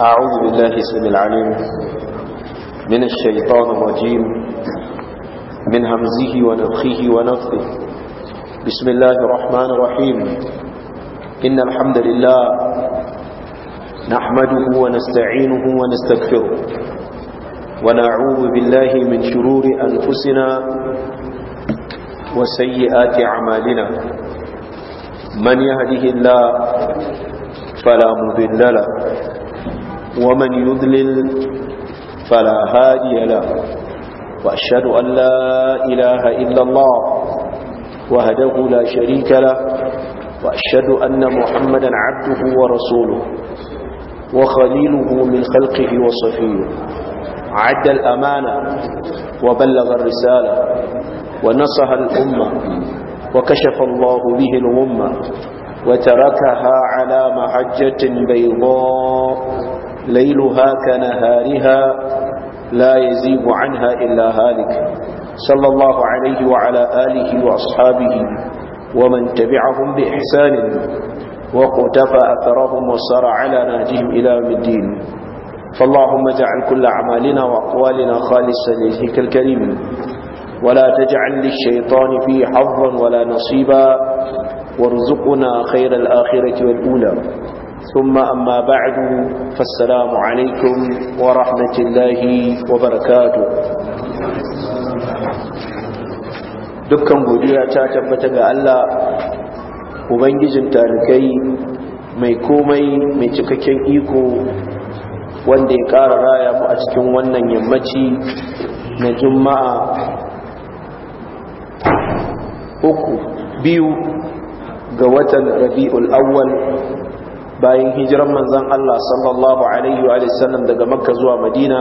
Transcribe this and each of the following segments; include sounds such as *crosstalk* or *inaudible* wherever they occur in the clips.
أعوذ بالله اسم العليم من الشيطان الرجيم من همزه ونفخه ونفخه بسم الله الرحمن الرحيم إن الحمد لله نحمده ونستعينه ونستغفره ونعوذ بالله من شرور أنفسنا وسيئات أعمالنا من يهده الله فلا مضل له ومن يذلل فلا هادي له وأشهد أن لا إله إلا الله وهده لا شريك له وأشهد أن محمدا عبده ورسوله وخليله من خلقه وصفيه عد الأمانة وبلغ الرسالة ونصها الأمة وكشف الله به الأمة وتركها على محجة بيضاء ليلها كنهارها لا يزيب عنها إلا هالك صلى الله عليه وعلى آله وأصحابه ومن تبعهم بإحسان وقتف أثرهم وصر على نهجهم إلى الدين فاللهم اجعل كل أعمالنا وأقوالنا خالصا لذلك الكريم ولا تجعل للشيطان فيه حظا ولا نصيبا وارزقنا خير الآخرة والأولى ma ثم أما بعد فالسلام wa ورحمة wa وبركاته dukkan godiya ta tabbata ga Allah ubangijin talikai mai komai mai cikakken iko wanda ya ƙara raya mu a cikin wannan yammaci na juma'a uku biyu ga watan rabi'ul awwal bayan hijiran manzan Allah sallallahu alaihi wa sallam daga makka zuwa madina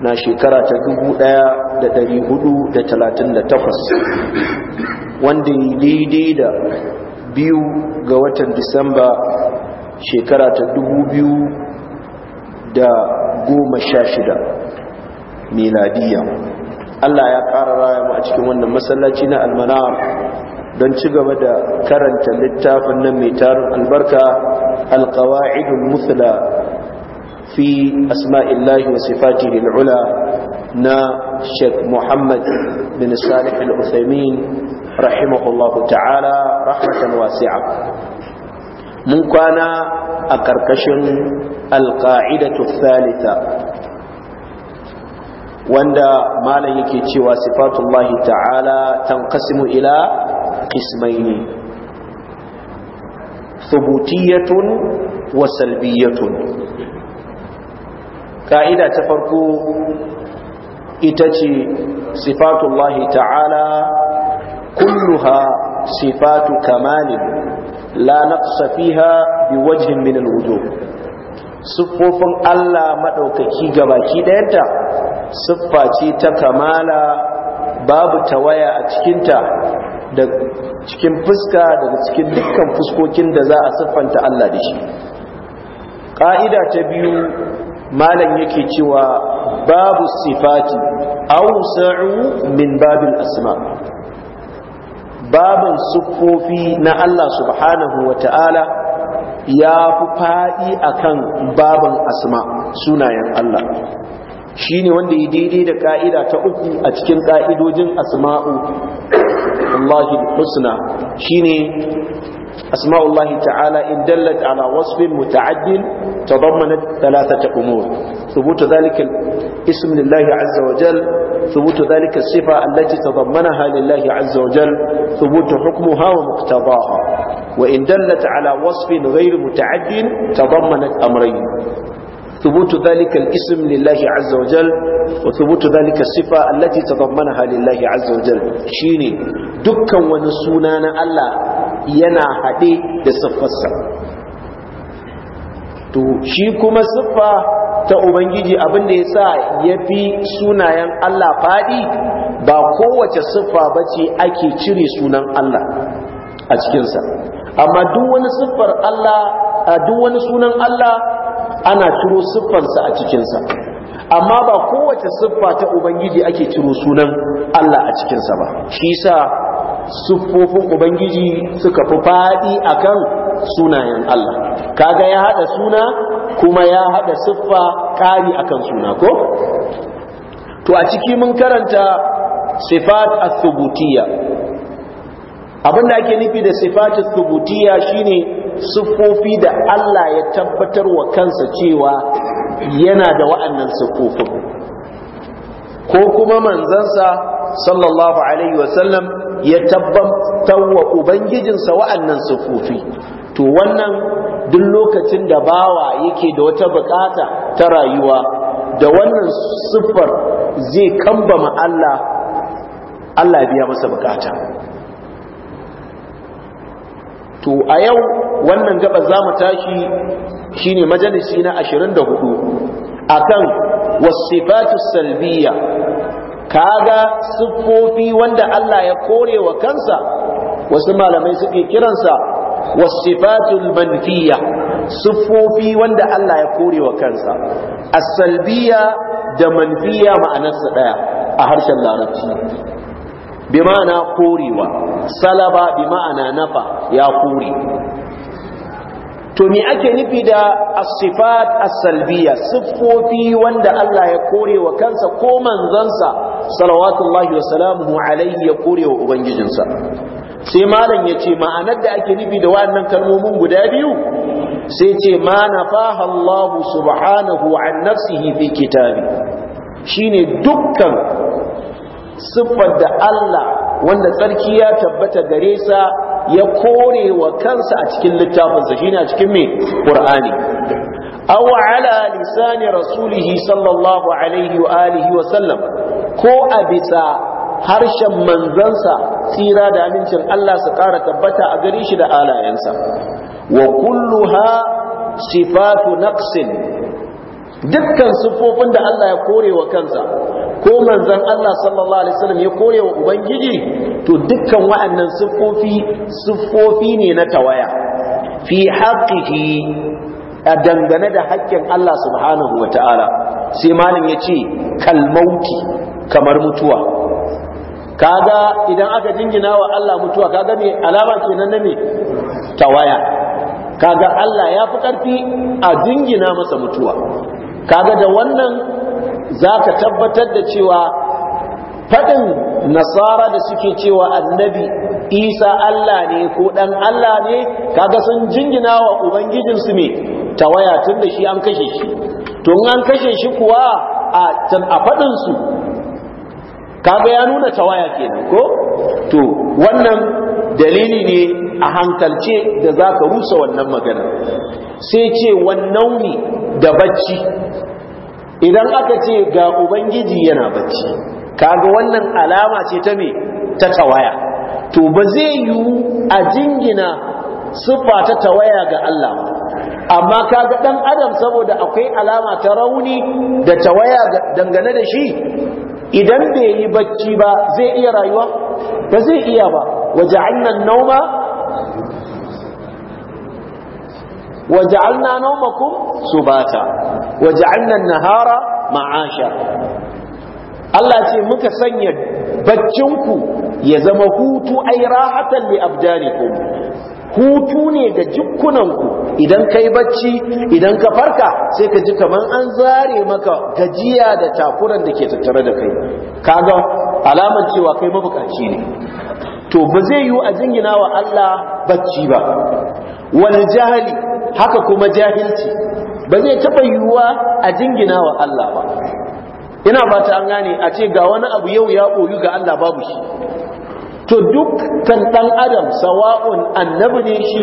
na shekara ta 1438 wanda yi daidai da biyu ga watan disamba shekara ta 2016 miladiya Allah ya ƙara raya mu a cikin wannan masallaci na almanar don ci gaba da karanta littafin nan mai tarin albarka alkawa'idun musula fi asma'illahi wa sifati lil'ula na sheikh muhammad bin salih al-usaimin rahimahullahu ta'ala rahmatan wasi'a mun kwana a karkashin alka'idatu salita wanda malam yake cewa sifatullahi ta'ala tanqasimu ila قسمين ثبوتية وسلبية قاعدة تفرقوا إتتي صفات الله تعالى كلها صفات كمال لا نقص فيها بوجه من الوجوه siffofin Allah maɗaukaki gabaki ɗayanta siffa ce ta kamala babu tawaya a cikinta da cikin fuska daga cikin dukkan fuskokin da za a siffanta Allah da shi ƙa'ida ta biyu malam yake cewa babu sifati awsa'u min babil asma babin siffofi na Allah subhanahu wa ta'ala ya fi faɗi akan babin asma sunayen Allah shi ne wanda ya daidai da ka'ida ta uku a cikin ka'idojin asma'u asma'ullahi husna shine asma'ullahi ta'ala in dallat ala wasfin muta'addin tadammanat thalathata umur ثبوت ذلك الاسم لله عز وجل ثبوت ذلك الصفة التي تضمنها لله عز وجل ثبوت حكمها ومقتضاها وإن دلت على وصف غير متعد تضمنت أمرين ثبوت ذلك الاسم لله عز وجل وثبوت ذلك الصفة التي تضمنها لله عز وجل شيني دكا ونسونان الله ينا حدي بصفصة to shi kuma siffa ta ubangiji abin da ya fi sunayen Allah fadi ba kowace siffa bace ake cire sunan Allah a cikinsa amma duk wani siffar Allah a duk wani sunan Allah ana ciro siffarsa a cikinsa amma ba kowace siffa ta ubangiji ake ciro sunan Allah a cikinsa ba shi sa siffofin ubangiji suka fi faɗi akan sunayen Allah kaga ya haɗa suna kuma ya haɗa siffa ƙari akan suna ko to a ciki mun karanta sifat asubutiya, subutiyya abinda ake nufi da sifat asubutiya shine siffofi da Allah ya tabbatar wa kansa cewa yana da wa'annan siffofin ko kuma manzansa sallallahu alaihi wasallam ya tabbatar wa ubangijinsa wa'annan siffofi to wannan duk lokacin da bawa yake da wata bukata ta rayuwa da wannan siffar zai kambama Allah Allah biya masa bukata to a yau wannan gaba za mu tashi shine majalisi na 24 akan wasifatu salbiya kaga siffofi wanda Allah ya kore wa kansa wasu malamai suke kiransa wasifatul manfiya siffofi wanda Allah ya kore wa kansa a salbiya da manfiya ma'anarsa daya a harshen larabci bi ma'ana korewa salaba bi ma'ana nafa ya kore to me ake nufi da as-sifat a salbiyya siffofi wanda Allah ya korewa kansa ko manzansa salawatullahi wa salamuhu alayhi ya korewa ubangijinsa sai malam yace ma'anar da ake nufi da wannan kalmomin guda biyu sai ce ma nafaha Allah subhanahu an nafsihi fi kitabi shine dukkan siffar da Allah wanda tsarki ya tabbata gare sa ya kore wa kansa a cikin littafinsa shine a cikin mai Qur'ani aw ala lisani rasulihi sallallahu alaihi wa alihi wa sallam ko a bisa harshen manzansa tsira da amincin Allah su ƙara tabbata a gare shi da alayensa wa kulluha sifatu naqsin dukkan siffofin da Allah ya kore wa kansa ko manzan Allah sallallahu alaihi wasallam ya kore wa ubangiji to dukkan wa'annan siffofi siffofi ne na tawaya fi haqqihi a dangane da haƙƙin Allah subhanahu wa ta'ala sai malin ya ce kalmauti kamar mutuwa kaga idan aka jingina wa Allah mutuwa kaga me alama kenan na me tawaya kaga Allah ya fi ƙarfi a jingina masa mutuwa kaga da wannan za ka tabbatar da cewa faɗin nasara da suke cewa annabi isa Allah ne ko ɗan Allah ne kaga sun jingina wa ubangijinsu ne tawaya tun da shi an kashe shi tun an kashe shi kuwa a faɗinsu kaga ya nuna tawaya kenan ko to wannan dalili ne a hankalce da za ka rusa wannan magana sai ce wannan da bacci idan aka ce ga ubangiji yana bacci kaga wannan alama ce ta me ta tawaya to ba zai yiwu a jingina siffa ta tawaya ga Allah amma kaga dan adam saboda akwai alama ta rauni da tawaya dangane da shi idan bai yi bacci ba zai iya rayuwa ba zai iya ba waje an-nawma Waje waja'alna nawmakum subata waja'alna an-nahara ma'asha Allah ce muka sanya baccin ku ya zama hutu ai rahatan li abdanikum hutu ne ga jikkunanku idan kai bacci idan ka farka sai ka ji kaman an zare maka gajiya da takuran da ke tattare da kai kaga alaman cewa kai mabukaci ne to ba zai yiwu a jingina wa Allah bacci ba Wani jahali haka kuma jahilci ba zai taɓa yiwuwa a jingina wa Allah ba ina ba ta gane a ce ga wani abu yau ya koyu ga Allah babu shi to duk kan ɗan adam sawa'un annabi ne shi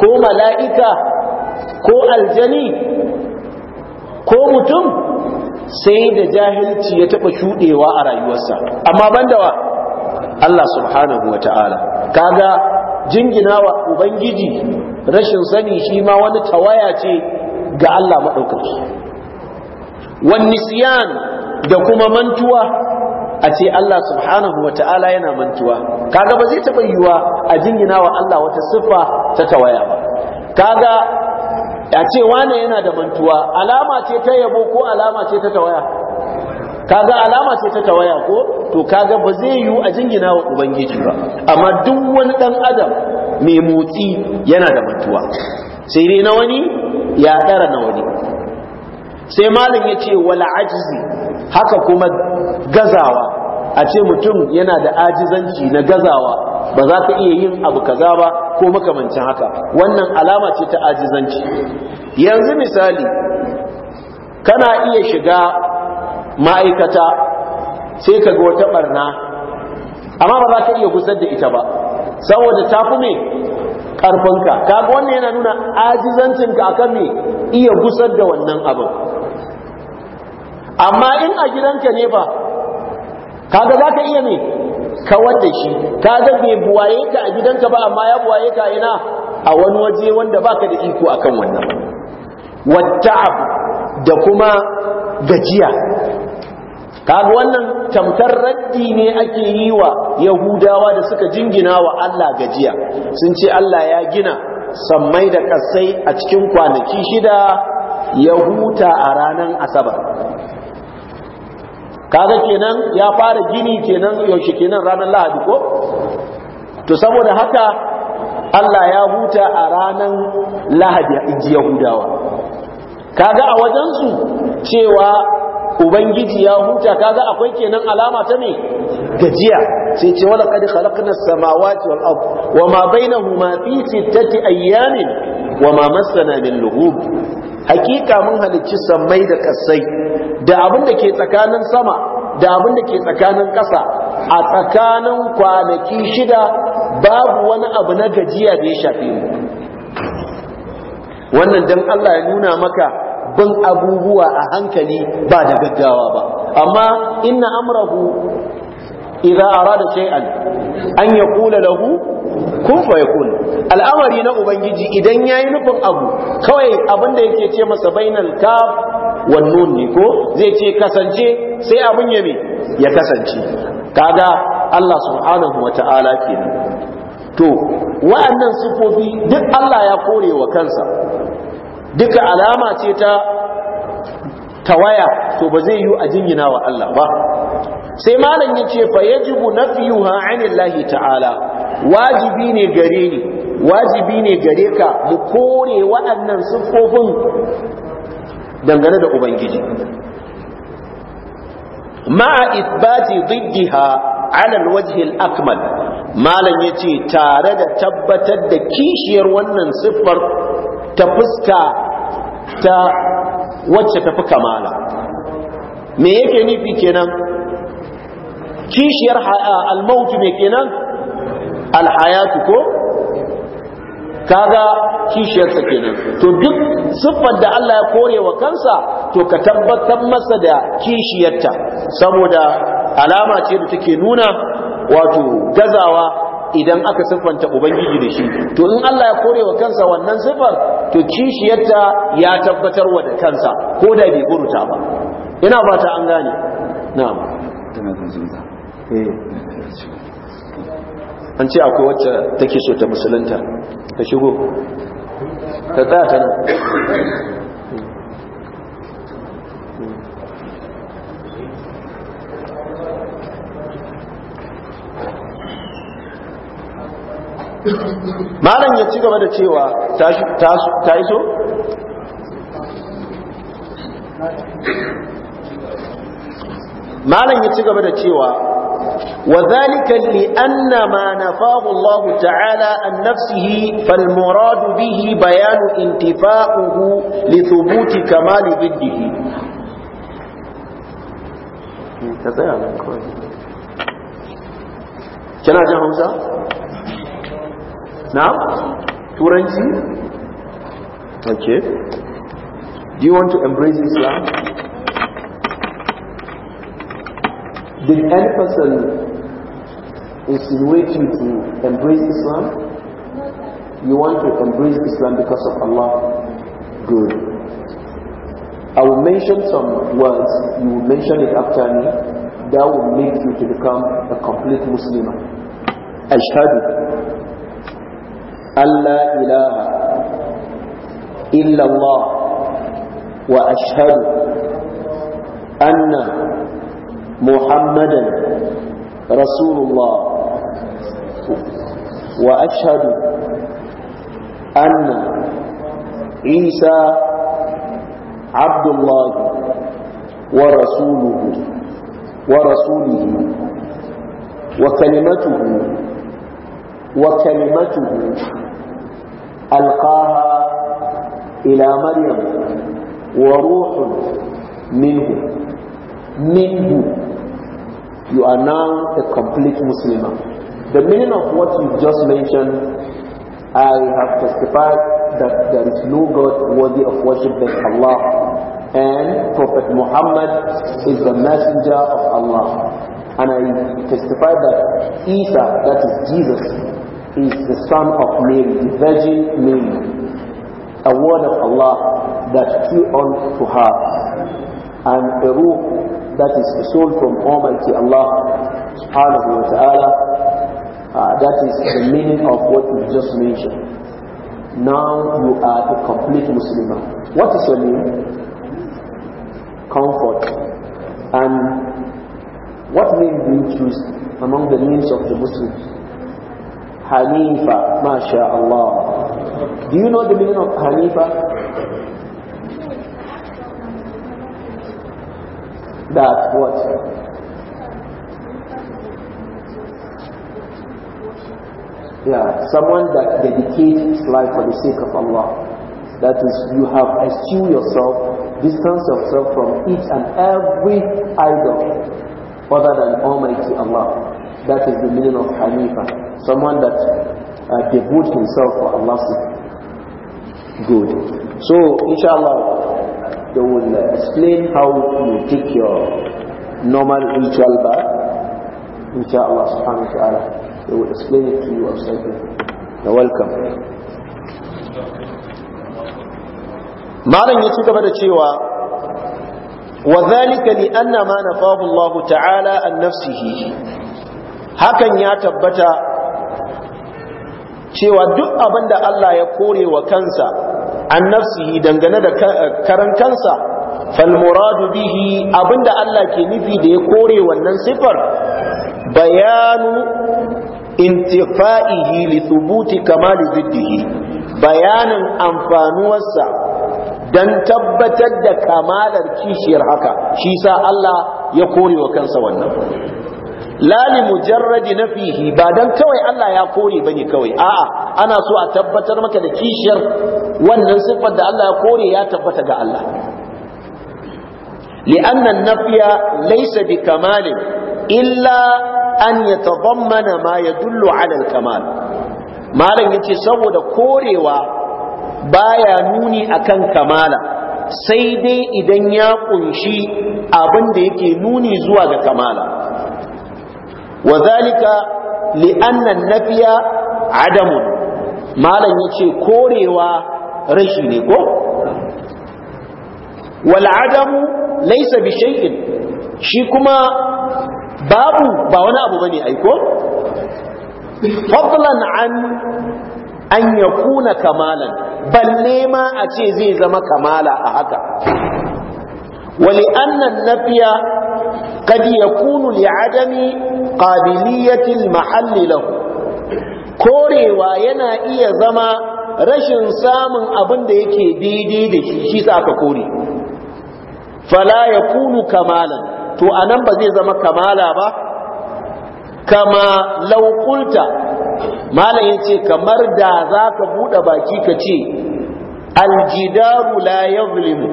ko mala'ika ko aljani ko mutum sai da jahilci ya taɓa shuɗewa a rayuwarsa amma ban da wa Allah subhanahu wa ta'ala kaga jingina wa ubangiji rashin sani shi ma wani tawaya ce ga Allah maɗaukaki Wannisiyan da kuma mantuwa a ce Allah subhanahu wa ta'ala yana mantuwa kaga ba zai taɓa yiwuwa a jingina wa Allah wata siffa ta tawaya ba kaga a ce wane yana da mantuwa alama ce ta yabo ko alama ce ta tawaya kaga alama ce ta tawaya ko to kaga ba zai yiwu a jingina wa ubangiji ba amma duk wani dan adam mai motsi yana da mutuwa. sai dai na wani ya dara na wani sai malam ya ce wala ajizi haka kuma gazawa a ce mutum yana da ajizanci na gazawa ba za ka iya yin abu kaza ba ko makamancin haka wannan alama ce ta ajizanci yanzu misali kana iya shiga ma'aikata sai ka ga wata barna amma ba za ka iya gusar da ita ba saboda ta fi me ka kaga wannan yana nuna ajizancinka akan me iya gusar da wannan abin amma in a gidanka ne ba kaga za ka iya me kawar da shi kaga bai buwaye ka a gidanka ba amma ya buwaye ka ina a wani waje wanda baka da iko akan wannan wata'ab da kuma gajiya kaga wannan tamtar raddi ne ake yi wa yahudawa da suka jingina wa Allah gajiya sun ce Allah ya gina sammai da kasai a cikin kwanaki shida ya huta a ranar asabar kaga kenan ya fara gini kenan yaushe kenan ranar lahadi ko to saboda haka Allah ya huta a ranar lahadi a inji yahudawa kaga a wajensu cewa ubangiji ya huta kaga akwai kenan alama ta me gajiya sai ce wala qad khalaqna as-samawati wal ard wama bainahuma fi sittati ayyamin wama massana min lughub hakika mun halicci sammai da kasai da abin da ke tsakanin sama da abin da ke tsakanin ƙasa a tsakanin kwanaki shida babu wani abu na gajiya da ya shafe mu wannan dan Allah ya nuna maka bin abubuwa a hankali ba da gaggawa ba amma inna amrahu idza arada shay'an an yaqula lahu kun yakun al'amari na ubangiji idan yayi nufin abu kawai da yake ce masa bainal kaf wan nun ne ko zai ce kasance sai abin ya me ya kasance kaga Allah subhanahu wata'ala kenan to wa'annan sifofi duk Allah ya kore wa kansa duka alama ce ta tawaya to ba zai yi a jingina wa Allah ba sai malam ya ce fa yajibu nafiyuha anillahi ta'ala wajibi ne gare ni wajibi ne gare ka mu kore waɗannan siffofin dangane da ubangiji ma'a ithbati diddiha ala alwajh alakmal malam yace tare da tabbatar da kishiyar wannan siffar ta fuska ta wacce tafi kamala me yake nufi kenan kishiyar almautu me kenan alhayatu ko kaga kishiyarsa kenan to duk siffar da Allah ya kore wa kansa to ka tabbatar masa da kishiyarta saboda alama ce da take nuna wato gazawa idan aka siffanta ubangiji da shi to in Allah ya kore wa kansa wannan siffar to kishiyarta ya tabbatar wa da kansa ko da bai buruta ba ina fata an gane na'am an ce akwai wacce take so ta musulunta ta shigo ta tsaya ta nan malam ya ci gaba da cewa ta iso malam ya ci gaba da cewa وذلك لأن ما نفاه الله تعالى عن نفسه فالمراد به بيان انتفاؤه لثبوت كمال ضده كذا كنا جاهزة؟ Now, Turanci? Okay. Do you want to embrace Islam? Did any person insinuate you to embrace Islam? You want to embrace Islam because of Allah? Good. I will mention some words, you will mention it after me, that will make you to become a complete Muslim. Ashhadu ألا إله إلا الله وأشهد أن محمدا رسول الله وأشهد أن عيسى عبد الله ورسوله ورسوله وكلمته وكلمته ألقاها إلى مريم وروح منه منه you are now a complete Muslim. The meaning of what you just mentioned, I have testified that there is no God worthy of worship but Allah, and Prophet Muhammad is the messenger of Allah. And I testify that Isa, that is Jesus, is the son of Mary, the Virgin Mary, a word of Allah that flew on to her, and a ruh that is a soul from Almighty Allah subhanahu wa ta'ala. Uh, that is the meaning of what we just mentioned. Now you are a complete Muslim. What is your name? Comfort. And what name do you choose among the names of the Muslims? Hanifa, mashallah. Do you know the meaning of Hanifa? That what? Yeah, someone that dedicates his life for the sake of Allah. That is, you have eschewed yourself, distance yourself from each and every idol other than Almighty Allah. That is the meaning of Hanifa. Someone that uh, devotes himself for Allah's good. So, inshallah, they will uh, explain how you take your normal ritual bath. Inshallah, subhanahu wa ta'ala. They will explain it to you outside You're welcome. Malam ya ci gaba وذلك لأن ما نفاه الله تعالى عن نفسه hakan ya tabbata cewa duk abin da Allah ya kore wa kansa an nafsihi dangane da eh, karan kansa falmuradu bihi abinda Allah ke nufi da ya kore wannan sifar bayanu intifa'ihi li thubuti kamali ziddihi bayanin amfanuwarsa dan tabbatar da kamalar kishiyar haka shi sa Allah ya kore wa kansa wannan lali mujarradi nafihi ba dan kawai Allah ya kore bane kawai a'a ana so a tabbatar maka da kishiyar wannan siffar da Allah ya kore ya tabbata ga Allah li'anna an-nafya laysa kamalin illa an yatadammana ma ya dullo alal kamal malam yace saboda korewa baya nuni akan kamala sai dai idan ya kunshi abin da yake nuni zuwa ga kamala Wazalika zalika li nafiya adamu malam yace korewa rashi ne ko wal adamu laysa bi shay'in shi kuma babu ba wani abu ba ne aiko? fadlan an an yakuna kamalan balle ma a ce zai zama kamala a haka wali annan nafiya kad yakunu li adami qabiliyatil mahalli lahu korewa yana iya zama rashin samun abin da yake daidai da shi shi sa aka kore fala yakunu kamalan to anan ba zai zama kamala ba kama law qulta malam yace kamar da zaka bude baki kace ce aljidaru la yuzlimu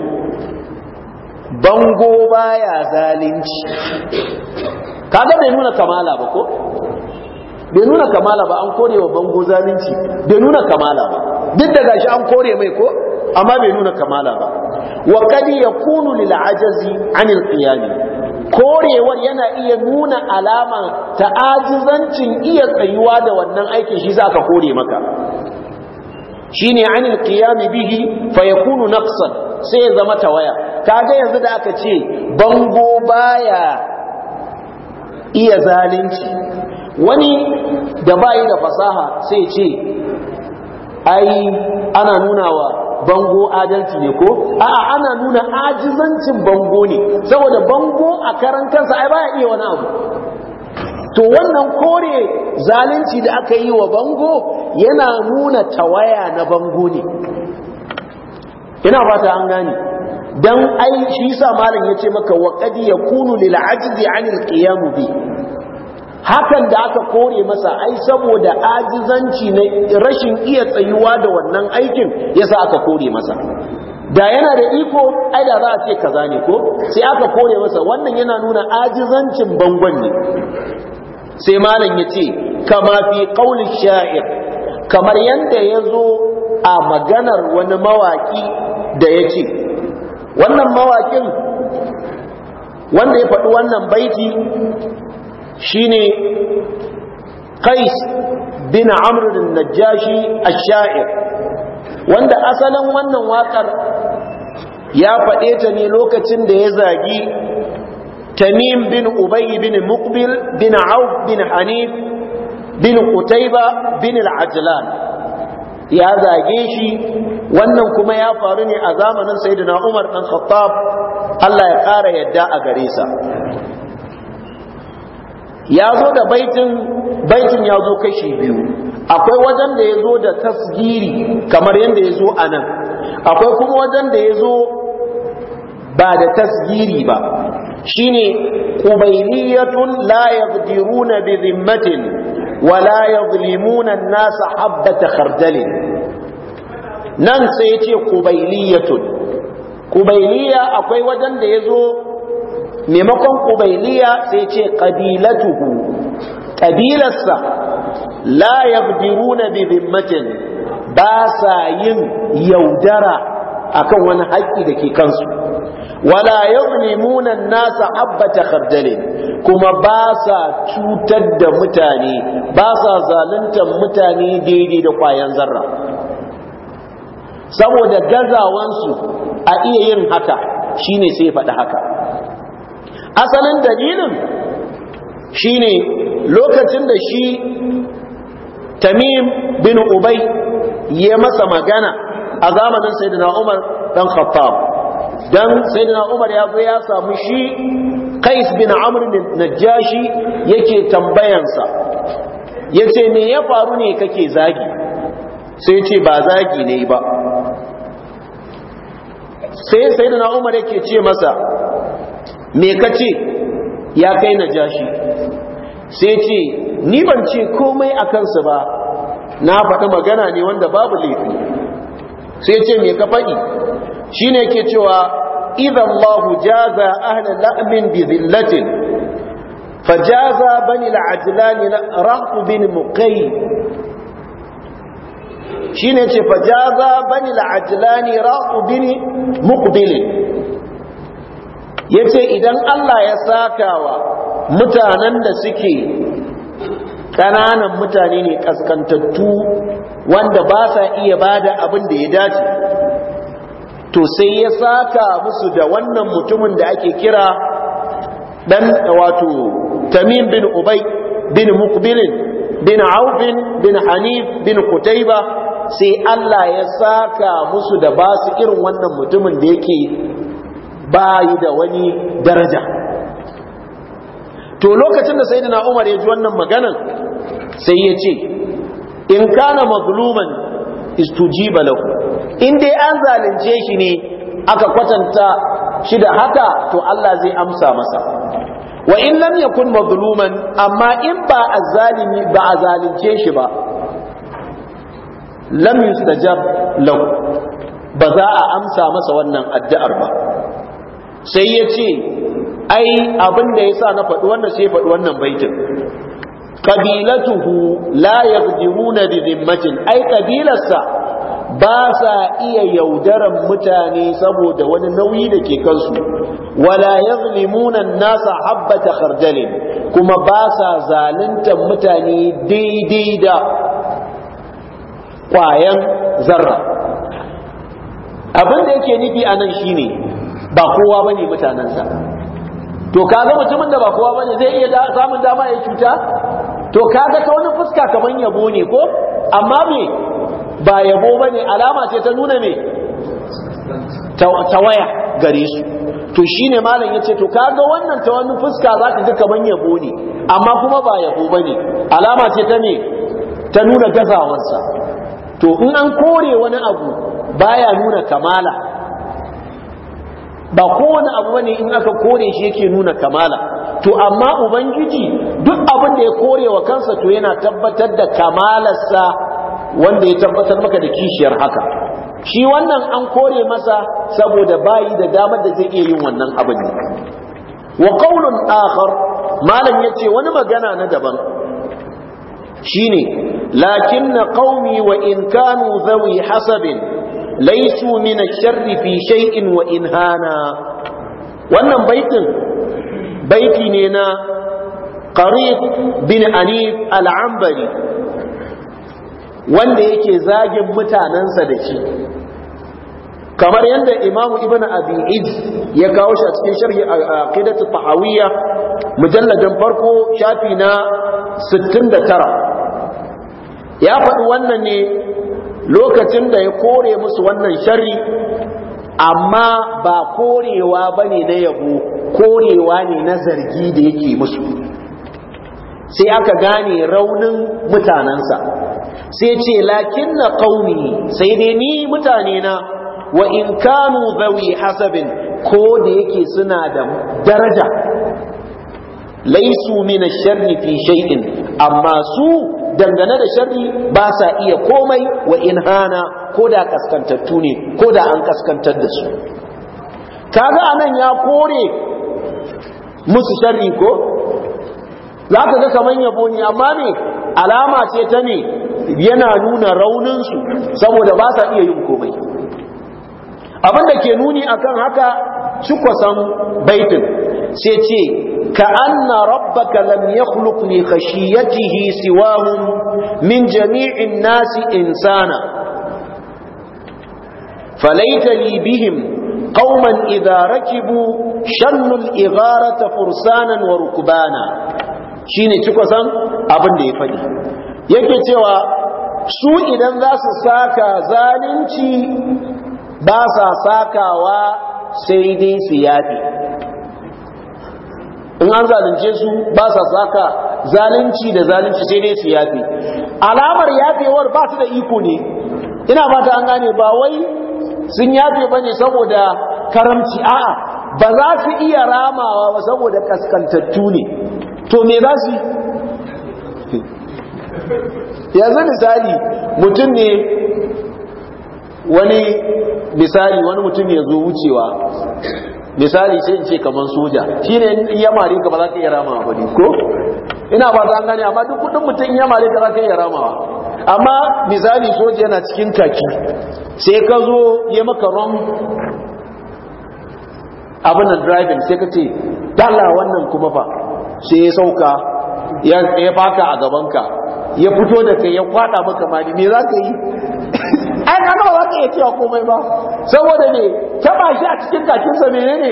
bango baya zalunci kaga bai nuna kamala ba ko bai nuna kamala ba an kore wa bango zalunci bai nuna kamala ba duk da gashi an kore mai ko amma bai nuna kamala ba wa kad yakunu lil ajazi anil qiyam korewar yana iya nuna alama ta ajizancin iya tsayuwa da wannan aikin shi zaka kore maka shine anil qiyam bihi fayakunu naqsan sai ya zama tawaya kaga yanzu da aka ce bango baya iya zalunci wani da bayi da fasaha sai ce ai ana nuna wa bango adalci ne ko a'a ana nuna ajizancin bango ne saboda bango a karan kansa ai baya iya wani abu to wannan kore zalunci da aka yi wa bango yana nuna tawaya na bango ne ina fata an gani. dan ai shi sa malam yace maka wa ya yakunu lil ajzi anil qiyam bi hakan da aka kore masa ai saboda ajizanci ne rashin iya tsayuwa da wannan aikin yasa aka kore masa da yana da iko ai da za a ce kaza ne ko sai aka kore masa wannan yana nuna ajizancin bangon ne sai malam yace kama fi qawli sha'ir kamar yanda yazo a maganar wani mawaki da yace wannan mawakin wanda ya faɗi wannan baiti shine qais bin amr najashi ash-sha'ir wanda asalin wannan waƙar ya faɗe ta ne lokacin da ya zagi tamim bin ubay bin muqbil bin auf bin hanif bin qutayba bin al-ajlan ya zage shi wannan kuma ya faru ne a zamanin sayyidina Umar dan Khattab Allah ya ƙara yadda a gare sa ya zo da baitin baitin ya zo kashi biyu akwai wajen da ya zo da tasgiri kamar yadda ya zo akwai kuma wajen da ya zo ba da tasgiri ba shine qubayliyatun la yaqdiruna bi dhimmatin wa la yadhlimuna an-nasa habbata khardalin nan sai ya ce ƙubailiyatun ƙubailiya akwai wajen da ya zo maimakon ƙubailiya sai ce qabilatuhu ƙabilarsa la yabdiruna bi zimmatin ba sa yin yaudara akan wani haƙƙi da ke kansu wala yuzlimuna an-nasa habbata khardalin kuma ba sa cutar da mutane ba sa zaluntar mutane daidai da kwayan zarra saboda gazawansu a iya yin haka shine sai faɗi haka asalin dalilin shine lokacin da shi tamim bin ubai ya masa magana a zamanin sayyidina umar dan khattab dan sayyidina umar ya zo ya samu shi qais bin amr bin najashi yake tambayansa yace me ya faru ne kake zagi sai ce ba zagi ne ba sai sai na Umar yake ce masa me kace ya kai na najashi sai ce ni ban ce komai a kansu ba na faɗi magana ne wanda babu laifi sai ce me ka faɗi ne ke cewa idza Allah jaza la'amin la'min bi fa fajaza bani la'ajila ne na rahb bin mukai shine ce fajaza bani al-ajlani ra'u bini muqbil yace idan Allah ya sakawa mutanen da suke ƙananan mutane ne kaskantattu wanda ba sa iya bada abin da ya dace to sai ya saka musu da wannan mutumin da ake kira dan wato Tamim bin Ubay bin Muqbil bin Auf bin Hanif bin kutaiba sai Allah ya saka musu da ba su irin wannan mutumin da yake bayi da wani daraja to lokacin da na Umar ya ji wannan maganan sai ya ce in kana mazluman istuji lahu in dai an zalunce shi ne aka kwatanta shi da haka to Allah zai amsa masa wa in lam yakun mazluman amma in ba ba a zalunce shi ba lam yustajab lahu ba za a amsa masa wannan addu'ar ba sai ya ce ai abin da yasa na faɗi wannan sai faɗi wannan baitin qabilatuhu la yaqdiruna bi dhimmatin ai qabilarsa ba sa iya yaudaran mutane saboda wani nauyi da ke kansu wala yazlimuna nasa habbata khardalin kuma ba sa zaluntar mutane daidai da Kwayan zarra abin da yake nufi a nan shine ba kowa ba ne mutanensa to kaga mutumin da ba kowa ba ne zai iya samun dama ya cuta to kaga ta wani fuska kamar yabo ne ko amma me ba yabo ba ne alama ce ta nuna me waya gare su to shine malam ce to kaga wannan ta wani fuska za ka ga kamar yabo ne amma kuma ba yabo ba ne alama ce ta me ta nuna gazawarsa to in an kore wani abu baya nuna kamala ba kowane abu bane in aka kore shi yake nuna kamala to amma ubangiji duk abin da ya kore wa kansa to yana tabbatar da kamalarsa wanda ya tabbatar maka da kishiyar haka shi wannan an kore masa saboda bayi da damar da zai iya yin wannan abin ne wa qaulun akhar malam yace wani magana na daban shine lakin na kaumi wa in kanu zawi hasabin laisu min sharri fi shay'in wa in hana wannan baitin baiti ne na qarib bin anif al-ambari wanda yake zagin mutanensa da shi kamar yadda imamu ibn Abi'id ya kawo shi a cikin sharhi aqidatu tahawiyya farko shafi na 69 ya faɗi wannan ne lokacin da ya kore musu wannan shari, amma ba korewa ba ne na yabo korewa ne na zargi da yake musu sai aka gane raunin mutanensa sai ce lakin na ƙauni sai dai ni mutane na wa in kanu zawi hasabin ko da yake suna da daraja laisu mina sharri fi shay'in amma su dangane da sharri ba sa iya komai wa inhana ko da kaskantattu ne ko da an kaskantar da su kaga anan ya kore musu sharri ko za ka ga kamar yabo ne amma ne alama ce ta ne yana nuna rauninsu saboda ba sa iya yin komai abin da ke nuni akan haka cikwasan baitin sai ce ka anna rabbaka lam yakhluq li khashiyatihi siwahum min jami'in nasi insana falaita li bihim qauman idza rakibu shannu al-igharata fursanan wa rukbana shine ciko san abin da ya faɗi yake cewa su idan za su saka zalunci ba sa sakawa sai dai su yafi in an zalunce su ba sa saka zalunci da zalunci sai dai su yafe alamar yafewar ba su da iko ne ina fata an gane ba wai sun yafe ba ne saboda karamci a'a ba za su iya ramawa ba saboda kaskantattu ne to me za su yanzu misali mutum ne wani misali wani mutum ya zo wucewa misali sai in ce kamar soja shi ne in ya mare ka ba za ka iya ramawa ba ne ko ina ba za gane amma duk kudin mutum ya ka za ka iya ramawa amma misali soja yana cikin kaki sai ka zo ya maka ron abin nan driving sai ka ce dala wannan kuma ba, sai ya sauka ya baka a gabanka ya fito da kai ya kwada maka mani me za ka yi ai kaga ba ka iya cewa komai ba saboda ne ba shi a cikin kakinsa menene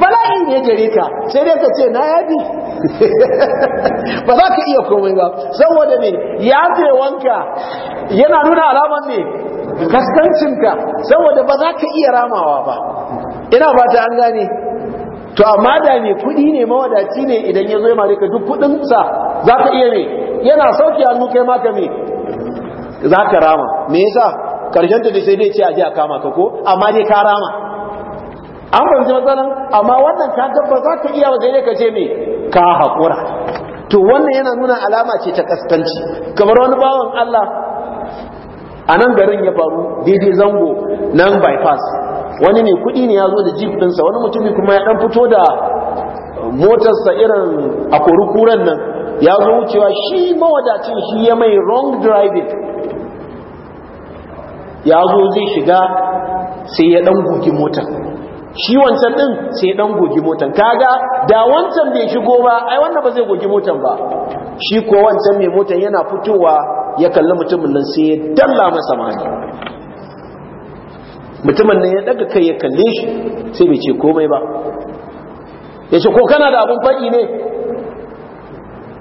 bala'i ne gare ka sai dai ka ce na yafi *laughs* ba za ka iya komai ba saboda ne wanka yana nuna alamar ne kaskancinka saboda ba za ka iya ramawa ba ina ba ta an gane to amma da ne kudi ne mawadaci ne idan ya zo ya duk kudinsa za ka iya ne yana sauki hannu kai maka me za ka rama me yasa karshen ta sai dai ce a je a kama ka ko amma dai ka rama an fahimci matsalan amma wannan ka gaba za ka iya wajen ne ka ce me ka haƙura to wannan yana nuna alama ce ta kaskanci kamar wani bawan Allah a nan garin ya faru daidai zango nan bypass wani ne kuɗi ne ya zo da jeep ɗinsa wani mutumi kuma ya ɗan fito da motarsa irin a kuran nan ya zo wucewa shi mawadacin shi ya mai wrong driving ya zo zai shiga sai ya dan gogi motar shi wancan din sai ya dan gogi motar kaga da wancan bai shigo ba ai wannan ba zai gogi motar ba shi ko wancan mai motar yana fitowa ya kalli mutumin nan sai ya dalla masa mani mutumin nan ya daga kai ya kalle shi sai bai ce komai ba ya ce ko kana da abun faɗi ne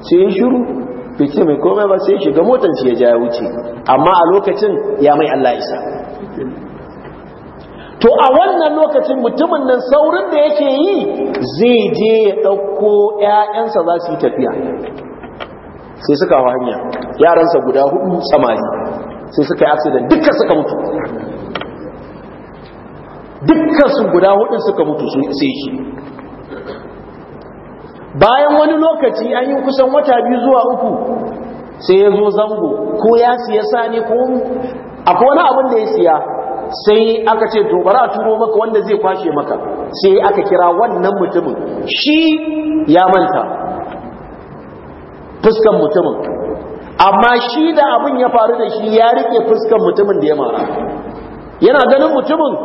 sai ya shiru bai mai komai ba sai shiga motar shi ya ja ya wuce amma a lokacin ya mai Allah isa to a wannan lokacin mutumin nan saurin da yake yi zai je ya dauko ‘ya'yansa za su yi tafiya sai suka hau hanya yaransa guda hudu samari sai suka yi accident dukkan suka mutu dukkan su guda hudun suka mutu sai shi bayan wani lokaci an yi kusan wata biyu zuwa uku sai ya zo zango ko ya siya sani ko akwai wani abin da ya siya sai aka ce to a turo maka wanda zai kwashe maka sai aka kira wannan mutumin shi ya manta fuskan mutumin amma shi da abin ya faru da shi ya rike fuskan mutumin da ya mara yana ganin mutumin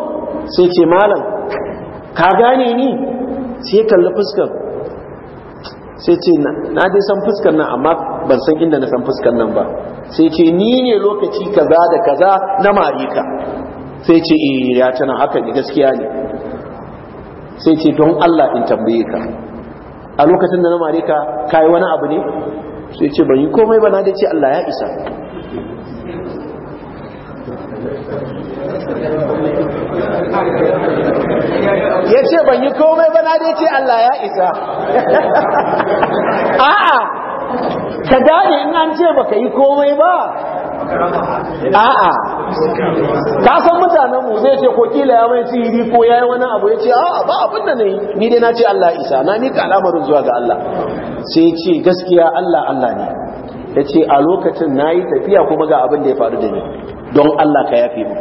sai ce malam ka gane ni sai kalli fuskan sai ce na dai san fuskar nan amma ban san inda na san fuskar nan ba sai ce ni ne lokaci kaza da kaza na marika sai ce eh ya tana haka ne gaskiya ne sai ce don Allah in tambaye ka a lokacin da na marika kai wani abu ne sai ce ban yi komai ba na da ce Allah ya isa ya ce ban yi komai ba na dai ce Allah ya isa *laughs* a'a ka dade in an ce ka yi komai ba a'a ka san mutanen mu zai ce ko kila ya mai tsiri ko ya yi wani abu ya ce a'a ba abin da ne ni dai na ce Allah isa na ni al'amarin zuwa ga Allah sai ce gaskiya Allah Allah ne ya ce a lokacin na yi tafiya kuma ga abin da ya faru da ni don Allah ka yafe mu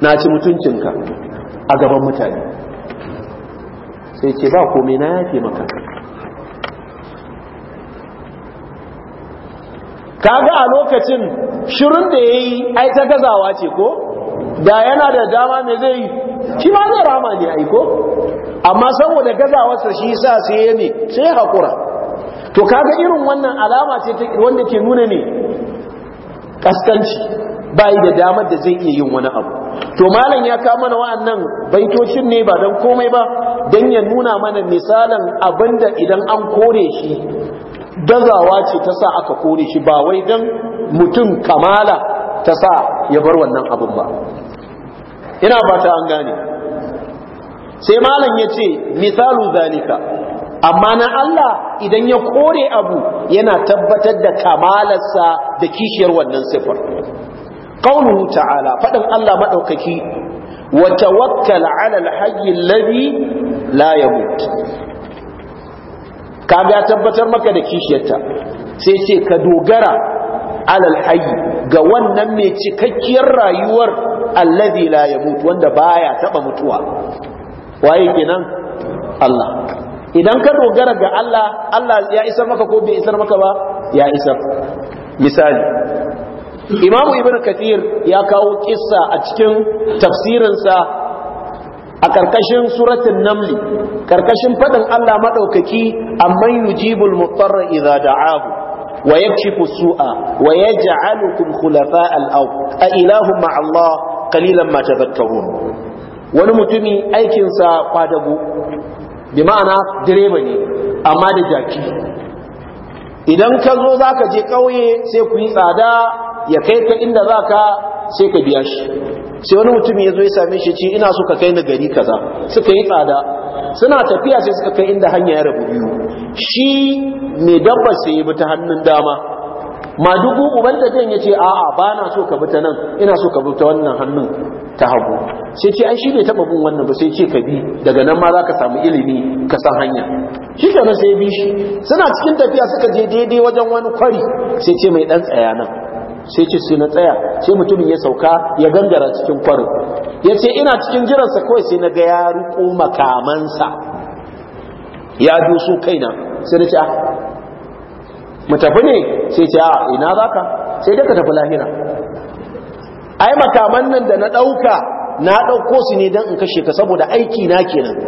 na ci mutuncinka a gaban mutane sai ce ba komai na yafe maka kaga a lokacin shirin da ya yi ai ta gazawa ce ko da yana da dama mai zai yi shi ma zai rama ne aiko amma saboda gazawarsa shi sa sai ya ne sai haƙura to kaga irin wannan alama ce wanda ke nuna ne kaskanci bayi da damar da zai iya yin wani abu to malam ya kama mana wa'annan baitocin ne ba don komai ba don ya nuna mana misalan abinda idan an kore shi dazawa ce ta sa aka kore shi ba wai don mutum kamala ta sa ya bar wannan abin ba ina ta an gane sai malam ya ce misalu zalika amma na Allah idan ya kore abu yana tabbatar da kamalarsa da kishiyar wannan siffar. qawluhu ta'ala faɗin Allah maɗaukaki wa tawakkal 'ala al-hayy alladhi kaga tabbatar maka da kishiyarta sai ce ka dogara 'ala al ga wannan mai cikakkiyar rayuwar alladhi la yamut wanda baya taba mutuwa waye kenan Allah idan ka dogara ga Allah Allah ya isar maka ko bai isar maka ba ya isa. misali imamu ibn kathir ya kawo kissa a cikin tafsirinsa a karkashin suratun namli karkashin faɗin allah maɗaukaki amma yujibul mutarra idza da'ahu wa yakshifu su'a wa yaj'alukum khulafa' al-ard a ilahu ma allah qalilan ma tadhakkarun wani mutumi aikinsa kwadago bi ma'ana direba ne amma da jaki idan ka zo za ka je ƙauye sai ku yi tsada ya kai ka inda za ka sai ka biya shi sai wani mutum ya zo ya same shi ce ina so ka kai ni gari kaza suka yi tsada suna tafiya sai suka kai inda hanya ya rabu biyu shi mai dabba sai ya bi ta hannun dama Ma dubu uban da ya ce a'a ba na so ka bi ta nan ina so ka bi ta wannan hannun ta hagu sai ce ai shi bai taba bin wannan ba sai ce ka bi daga nan ma za ka samu ilimi ka san hanya shi kenan sai bi shi suna cikin tafiya suka je daidai wajen wani kwari sai ce mai ɗan tsaya nan sai ce sai na tsaya sai mutumin ya sauka ya gangara cikin kwarin ya ce ina cikin jiransa kawai sai na ga ya riko makamansa ya dusu kaina sai na ce a ah, mu tafi ne sai ce a ah, ina za ka sai daga tafi lahira ai makaman nan da na ɗauka na ɗauko su ne don in kashe ka saboda aiki na kenan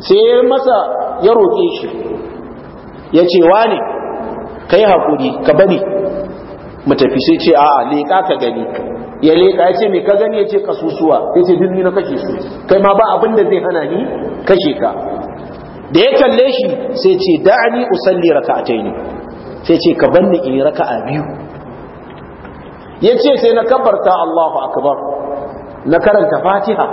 sai ya masa ya roƙe shi ya ce wa ne ka yi haƙuri ka bari mu tafi sai ce a'a leƙa ka gani ya leƙa ya ce me ka gani ya ce kasusuwa ya ce duk na kashe su kai ma ba abin da zai hana ni kashe ka da ya kalle shi sai ce da'ani usalli taini, sai ce ka banni in a biyu ce sai na kabarta Allahu akbar na karanta Fatiha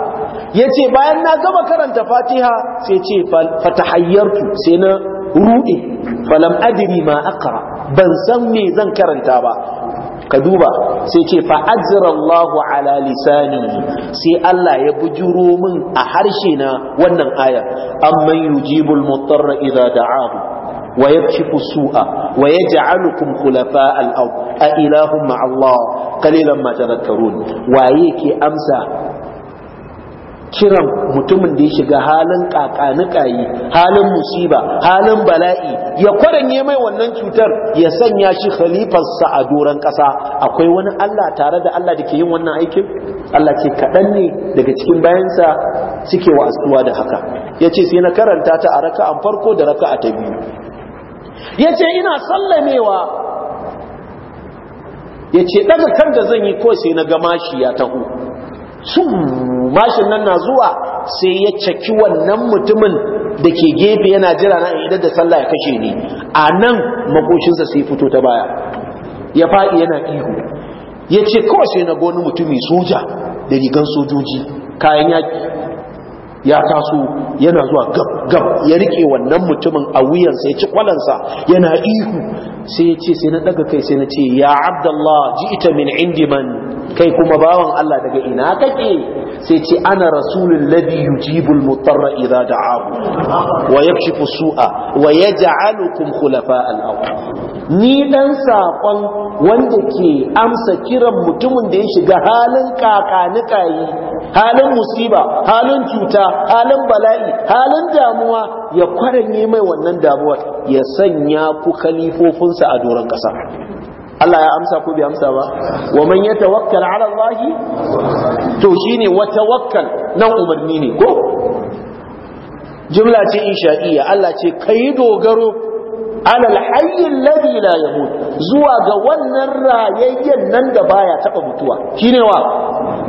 yace bayan na gaba karanta Fatiha sai ce fatahayyartu sai na ruɗe falam adri ma aqra ban san me zan karanta ba ka duba sai ce fa ajrallahu ala lisani sai Allah ya bujuro min a harshe na wannan aya amman yujibul mutarra idza da'ahu wa yakshifu su'a wa yaj'alukum khulafa ard a ilahum ma'allah Allah qalilan ma tadhakkarun waye ke amsa kiran mutumin da ya shiga halin kakanikayi halin musiba halin bala'i ya kwaranye mai wannan cutar ya sanya shi khalifarsa a doron ƙasa akwai wani Allah tare da Allah da ke yin wannan aikin Allah ce kaɗan ne daga cikin bayansa suke asuwa da haka ya ce sai na karanta ta a an farko da raka ta biyu ya ce ina sallamewa ya ce ɗaga kan da zan yi ko sai na gama shi ya taho bashin nan na zuwa sai ya caki wannan mutumin da ke gefe yana jira na idan da sallah ya kashe ni a nan makoshinsa sai fito ta baya ya faɗi yana ihu ya ce kawai sai na goni mutumi soja da rigar sojoji kayan yaki ya taso yana zuwa gab gab ya rike wannan mutumin a wuyansa ya ci kwalansa yana ihu sai ya ce sai na daga kai sai na ce ya abdallah ji ita min indiman kai kuma bawan allah daga ina kake sai ce ana rasulun ladhi jibul mutarra da abu. wa ya fi su'a wa yaj'alukum khulafa kulafa ard ni dan saƙon wanda ke amsa kiran mutumin da ya shiga halin kakanikayi halin musiba halin cuta halin bala'i halin damuwa ya kwaranye mai wannan damuwar ya sanya ku kalifofinsa a doron kasa Allah ya amsa ko bai amsa ba wa man yatawakkal ala Allah to shine wa tawakkal nan umarni ne ko jumla ce insha'iyya Allah ce kai dogaro ala alhayy alladhi la yamut zuwa ga wannan rayayyen nan da baya taba mutuwa shine wa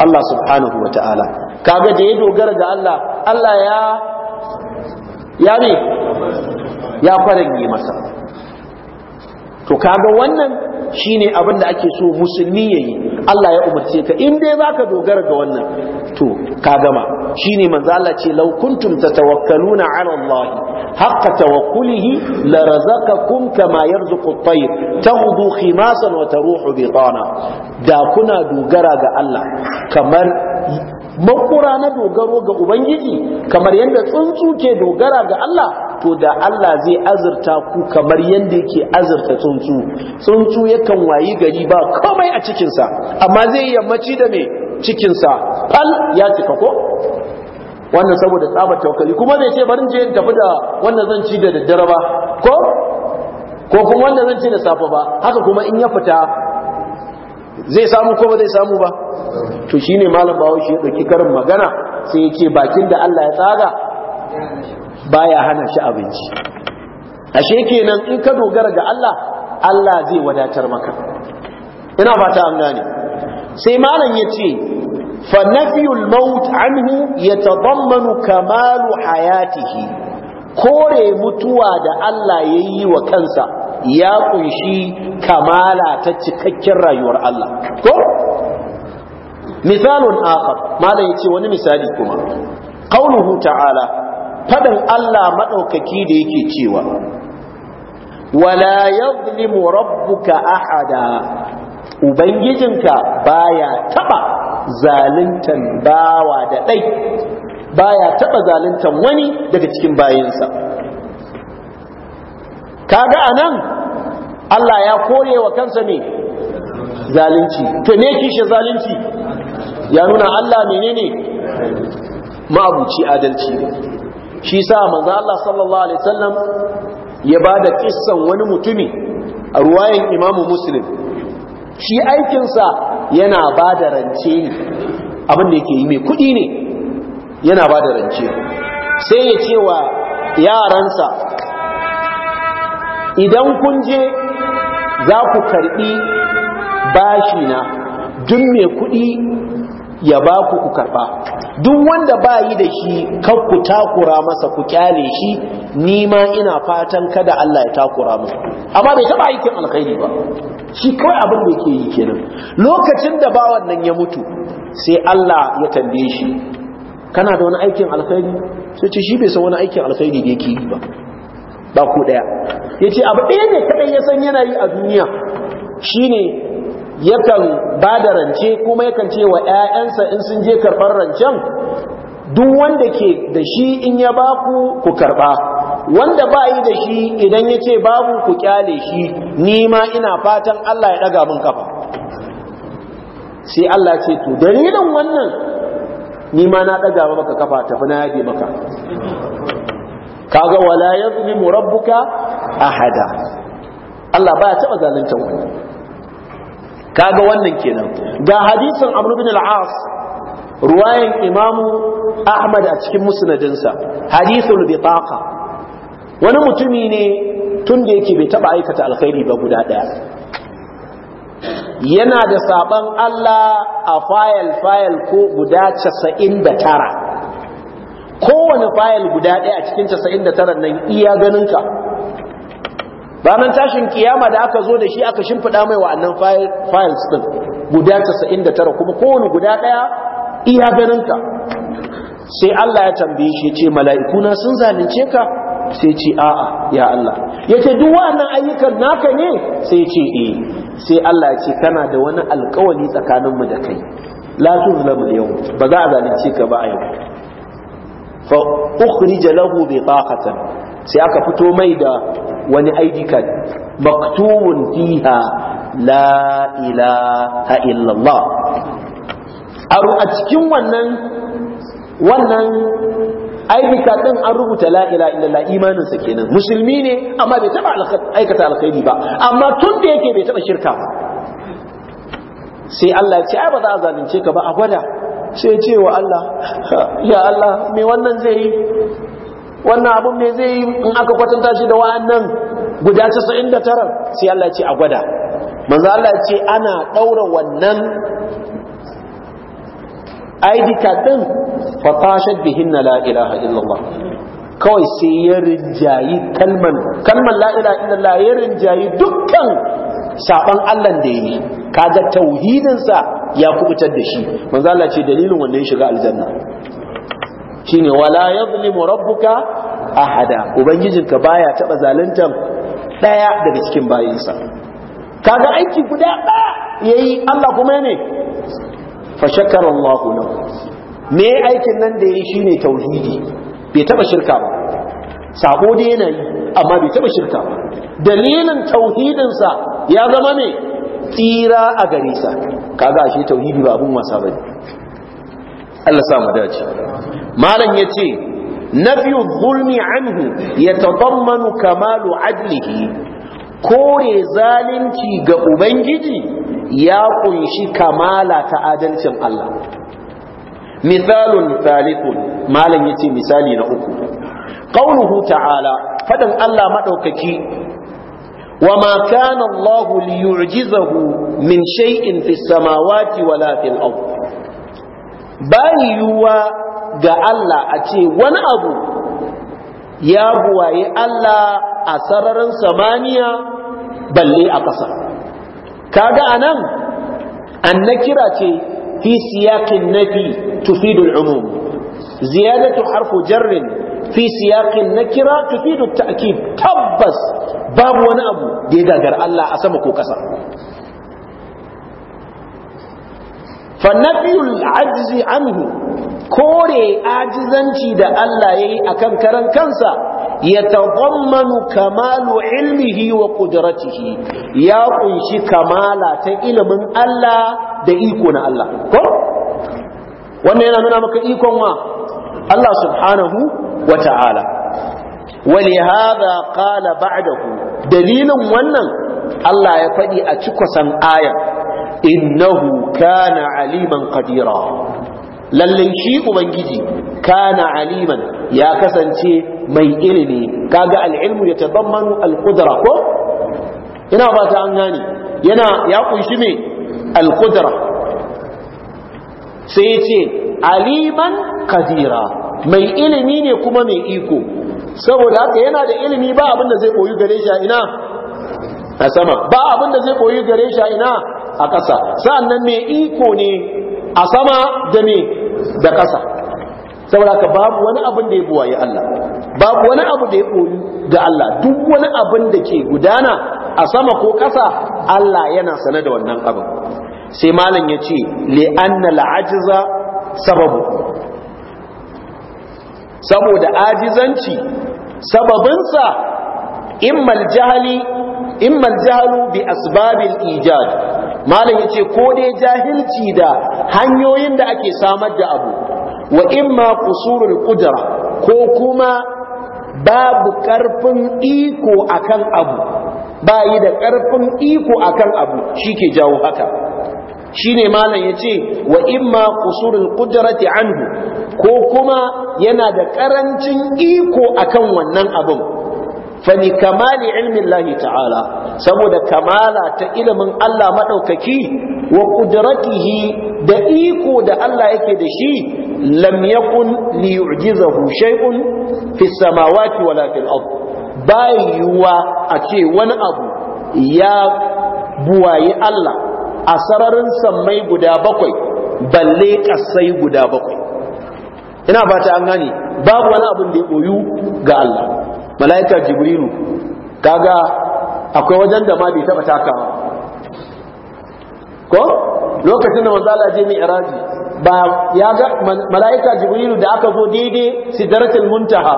Allah subhanahu wa ta'ala kaga da ya dogara ga Allah Allah ya ya ne ya masa to kaga wannan shine abin da ake so musulmi yayi Allah ya umarce ka in dai ka dogara ga wannan to ka gama shine ne Manzala ce law kuntum tatawakkaluna ala Allah haqqa tawakkulihi la razaqakum kama yarzuqu at-tayr taghdu khimasan wa taruhu bitana da kuna dogara ga Allah kamar makura na dogaro ga ubangiji kamar yadda tsuntsu ke dogara ga Allah to da Allah zai azurta ku kamar yadda yake azurta tsuntsu tsuntsu yakan wayi gari ba komai a cikinsa amma zai yammaci da me cikinsa fal ya cika ko wannan saboda tsabar tawakkali kuma zai ce barin je tafi da wannan zan ci da daddare ba ko ko kuma wannan zan ci da safe ba haka kuma in ya fita zai samu ko ba zai samu ba to shine malam bawo shi ya dauki karin magana sai ya ce bakin da Allah ya tsaga baya hana shi abinci ashe kenan in ka dogara ga Allah Allah zai wadatar maka ina fata an gane sai malam yace fa nafiyul maut anhu yatadammanu kamalu hayatihi kore mutuwa da Allah yayi wa kansa ya kunshi kamala ta cikakken rayuwar Allah ko misalun akhar malam yace wani misali kuma qauluhu ta'ala faɗin Allah maɗaukaki da yake cewa wala yadhlimu rabbuka ahada ubangijinka baya taba zaluntan bawa da dai baya taba zaluntan wani daga cikin bayinsa kaga anan Allah ya kore wa kansa ne zalunci to me kishi zalunci ya nuna Allah menene ma'abuci adalci ne shi sa manzo Allah sallallahu alaihi wasallam ya bada kissan wani mutumi a ruwayan Imam Muslim shi aikinsa yana bada rance ne abin da yake yi mai kuɗi ne yana bada rance sai ya ce wa yaransa idan kun je za ku karɓi bashi na duk mai kuɗi ya ba ku ku karɓa duk wanda ba yi da shi kan ku takura masa ku kyale shi ni ma ina fatan kada Allah ya takura masa amma bai taba aikin alkhairi ba shi kawai abin da yake yi kenan lokacin da bawan nan ya mutu sai Allah ya tambaye shi kana da wani aikin alkhairi sai ce shi bai san wani aikin alkhairi da yake yi ba ba ku daya yace abu ɗaya ne kadai ya san yana yi a duniya shine yakan ba da rance kuma yakan ce wa 'ya'yansa in sun je karɓar rancen duk wanda ke da shi in ya ba ku ku karɓa wanda ba yi da shi idan ya ce babu ku kyale shi ni ma ina fatan Allah ya ɗaga min kafa sai Allah ce to dalilin wannan ni ma na ɗaga maka kafa tafi na yabe maka kaga wala yazlimu rabbuka ahada Allah ba ya taɓa zaluntar wani kaga wannan kenan ga hadisin amr bin al-as ruwayan imamu ahmad a cikin musnadinsa hadithul bitaqa wani mutumi ne tun da yake bai taba aikata alkhairi ba guda daya yana da saban Allah a fayal fayal ko guda 99 kowane fayal guda daya a cikin 99 nan iya ganinka ranar tashin kiyama da aka zo da shi aka shimfiɗa mai wa'annan files ɗin guda 99 kuma kowane guda ɗaya iya ganinka sai Allah ya tambaye shi ya ce mala'ikuna sun zalunce ka sai ce a'a ya Allah ya ce duk wannan ayyukan naka ne sai ce eh sai Allah ya ce kana da wani alkawali tsakaninmu da kai la tuzlamu yau ba za a zalunce ka ba a yau fa ukhrija lahu taqatan sai aka fito mai da wani ID maktubun fiha la ilaha illallah a cikin wannan wannan ɗin din an rubuta la ila illallah imaninsa kenan musulmi ne amma bai taba aikata alkhairi ba amma tun da yake bai taba shirka ba sai Allah ya ce ai ba za a zalunce ka ba a gwada sai ya ce wa Allah ya Allah me wannan zai yi wannan abun me zai yi in aka kwatanta shi da wa'annan guda 99 sai Allah ce a gwada manzo Allah ce ana daura wannan ID card din fa tashat bihinna la ilaha illallah kawai sai ya rinjayi kalman kalman la ilaha illallah ya rinjayi dukkan saban Allah da yi kaga tauhidinsa ya kubutar da shi manzo Allah ce dalilin wannan shiga aljanna shine wala yadhlimu rabbuka ahada ubangijinka baya taba zaluntar daya daga cikin bayinsa kaga aiki guda daya yayi Allah kuma ne fa shakara Allah lahu me aikin nan da yayi shine tauhidi bai taba shirka ba sabo da yana yi amma bai taba shirka ba dalilin tauhidinsa ya zama ne tsira a gare sa kaga shi tauhidi ba abun wasa bane Allah sa mu dace malam ya ce nafiyu zulmi anhu ya manu kamalu adlihi kore zalunci ga ubangiji ya kunshi kamala ta adalcin Allah misalun salikun malam yace misali na uku qauluhu ta'ala fadan Allah madaukaki وما كان الله ليعجزه من شيء في السماوات ولا في الأرض بايوا ga Allah a ce wani abu ya buwaye Allah a sararin samaniya balle a ƙasa kaga anan an nakira ce fi siyakin nafi tufidul umum ziyadatu harfu jarrin fi siyakin nakira tufidul ta'kid tabbas babu wani abu da ya gagar Allah a sama ko ƙasa fa nafiyul anhu kore ajizanci da Allah yayi akan karan kansa ya tadammanu kamalu ilmihi wa qudratihi ya ƙunshi kamala ta ilimin Allah da iko na Allah ko wannan yana nuna maka ikon wa Allah subhanahu wa ta'ala ولهذا قال daku? dalilin wannan Allah ya faɗi a cikosan ayan innahu kana aliman qadira lallai shi ubangiji kana aliman ya kasance mai ilimi kaga al'ilmu ya yatadammanu al-qudra ko ina fata ta an gane yana ya kunshi me al sai yace aliman qadira mai ilimi ne kuma mai iko saboda haka yana da ilimi ba abin da zai koyi gare shi a ina a sama ba abin da zai koyi gare shi a ina a ƙasa sa'annan mai iko ne a sama da me da ƙasa saboda ka babu wani abin da ya buwaye Allah babu wani abu da ya koyi ga Allah duk wani abin da ke gudana a sama ko ƙasa Allah yana sane da wannan abin sai malam ya ce li'anna la'ajiza sababu saboda ajizanci sababinsa immal jahali immal jahalu bi asbabil ijad malam yace ko dai jahilci da hanyoyin da ake samar da abu wa imma qusurul qudra ko kuma babu karfin iko akan abu ba yi da karfin iko akan abu shike jawo haka shine malam yace wa imma qusurul qudrati anhu ko kuma yana da karancin iko akan wannan abun fani kamali ilmin lahi ta'ala saboda kamala ta ilimin Allah maɗaukaki wa ƙudratihi da iko da Allah yake da shi lam yakun li yu'jizahu shay'un fi samawati wala fil ard bai yuwa a ce wani abu ya buwayi Allah a sararin sammai guda bakwai balle kasai guda bakwai ina fata an gane babu wani abun da ya koyu ga Allah mala'ika jibrilu kaga akwai wajen da ma bai taba takawa ko lokacin da manzo Allah je mai iraji ba ya ga mala'ika jibrilu da aka zo daidai sidratul muntaha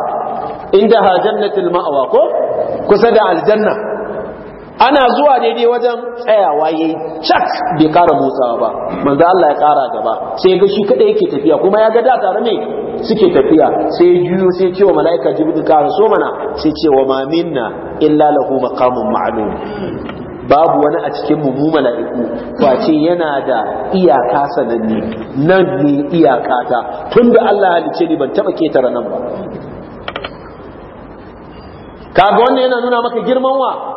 inda ha jannatul ma'awa ko kusa da aljanna ana zuwa daidai wajen tsayawa yayi cak bai kara motsawa ba manzo Allah ya kara gaba sai ga shi kada yake tafiya kuma ya ga da tare ne suke tafiya sai juyo sai cewa malaika jibril ka so mana sai cewa ma minna illa lahu maqamun ma'lum babu wani a cikin mu mala'iku yana da iyaka sananne nan ne iyaka ta tunda Allah ce ni ban taba ketara nan ba kaga wannan yana nuna maka girman wa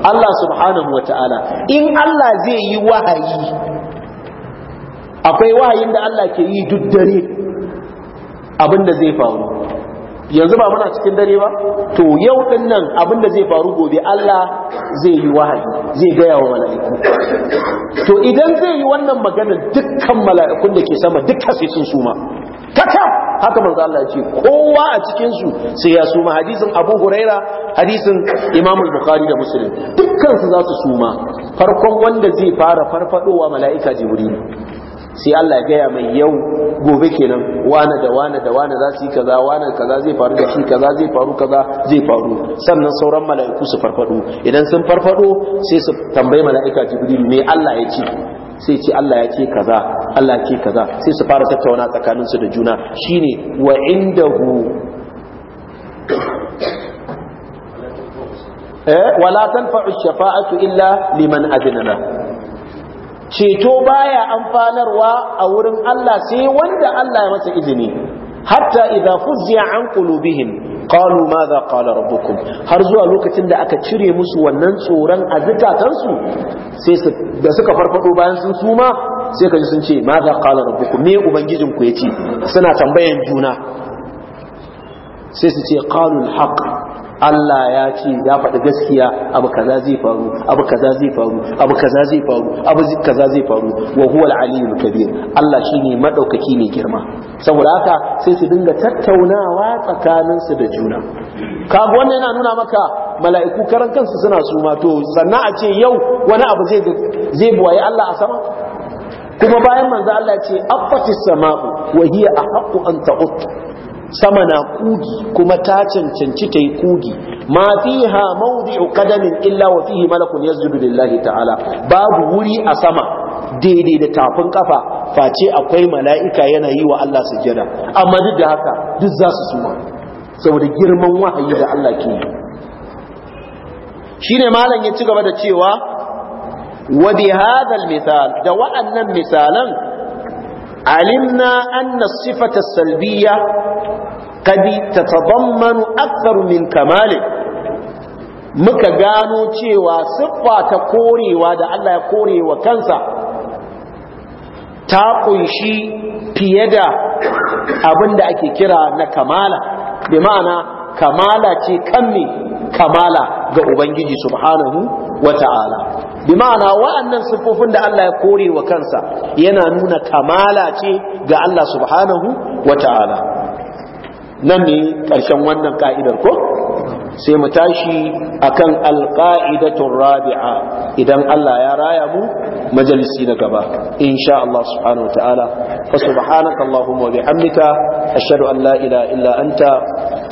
Allah subhanahu wa ta'ala in Allah zai yi wahayi akwai wahayin da Allah ke yi duk dare abinda zai faru yanzu ba muna cikin dare ba to yau din nan abinda zai faru gobe Allah zai yi wahayi zai gaya wa mala'iku to idan zai yi wannan magana dukkan mala'ikun da ke sama dukkan sai sun suma kaka haka manzo Allah ya ce kowa a cikin su sai ya suma hadisin Abu Huraira hadisin Imam Bukhari da Muslim dukkan su za su suma farkon wanda zai fara farfadowa mala'ika Jibril sai Allah ya gaya mai yau gobe kenan wane da wane da wane za su yi kaza wane kaza zai faru da shi kaza zai faru kaza zai faru sannan sauran mala'iku su farfado idan sun farfado sai su tambayi mala'ika Jibril me Allah ya ce sai ce Allah ya ce kaza Allah ya ce kaza sai su fara tattauna tsakanin su da juna shine wa indahu eh wala tanfa'u shafa'atu illa liman adnana ceto baya amfanarwa a wurin Allah sai wanda Allah ya masa izini hatta idza fuzziya an qulubihim qalu madha qala rabbukum har zuwa lokacin da aka cire musu wannan tsoron azikatansu sai su da suka farfado bayan sun suma sai kaji sun ce madha qala rabbukum me ubangijin ku yace suna tambayan juna sai su ce qalu al Allah ya ce ya faɗi gaskiya abu kaza zai faru abu kaza zai faru abu kaza zai faru abu kaza zai faru wa huwa al-aliyyul kabir Allah shine madaukaki ne girma saboda haka sai su dinga tattaunawa tsakanin su da juna kaga wannan yana nuna maka mala'iku karan kansu suna suma to sannan a ce yau wani abu zai zai buwaye Allah a sama kuma bayan manzo Allah ce affatis sama'u wa hiya ahqqu an ta'ut sama na kugi kuma ta cancanci ta yi kugi ma fiha illa wa fihi malakun yasjudu lillahi ta'ala babu wuri a sama daidai da tafin kafa face akwai mala'ika yana yi wa Allah sujada amma duk da haka duk za su suma saboda girman wahayi da Allah ke yi shine malam ya ci gaba da cewa wa bi misal da wa'annan misalan alimna anna sifata salbiya قد تتضمن أكثر من كماله muka gano cewa siffa ta korewa da Allah ya kore wa kansa ta kunshi fiye da abin da ake kira na kamala bi ma'ana kamala ce kanne kamala ga Ubangiji subhanahu wa ta'ala bi ma'ana wa'annan siffofin da Allah ya kore wa kansa yana nuna kamala ce ga Allah subhanahu wa ta'ala nan ne ƙarshen wannan ka'idar ko sai mu tashi akan alƙa'idatun rabi'a idan Allah ya raya mu majalisi na gaba insha Allah subhanahu wa ta'ala fa subhanaka allahumma wa bihamdika ashhadu an la ilaha illa anta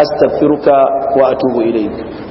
astaghfiruka wa atubu ilayk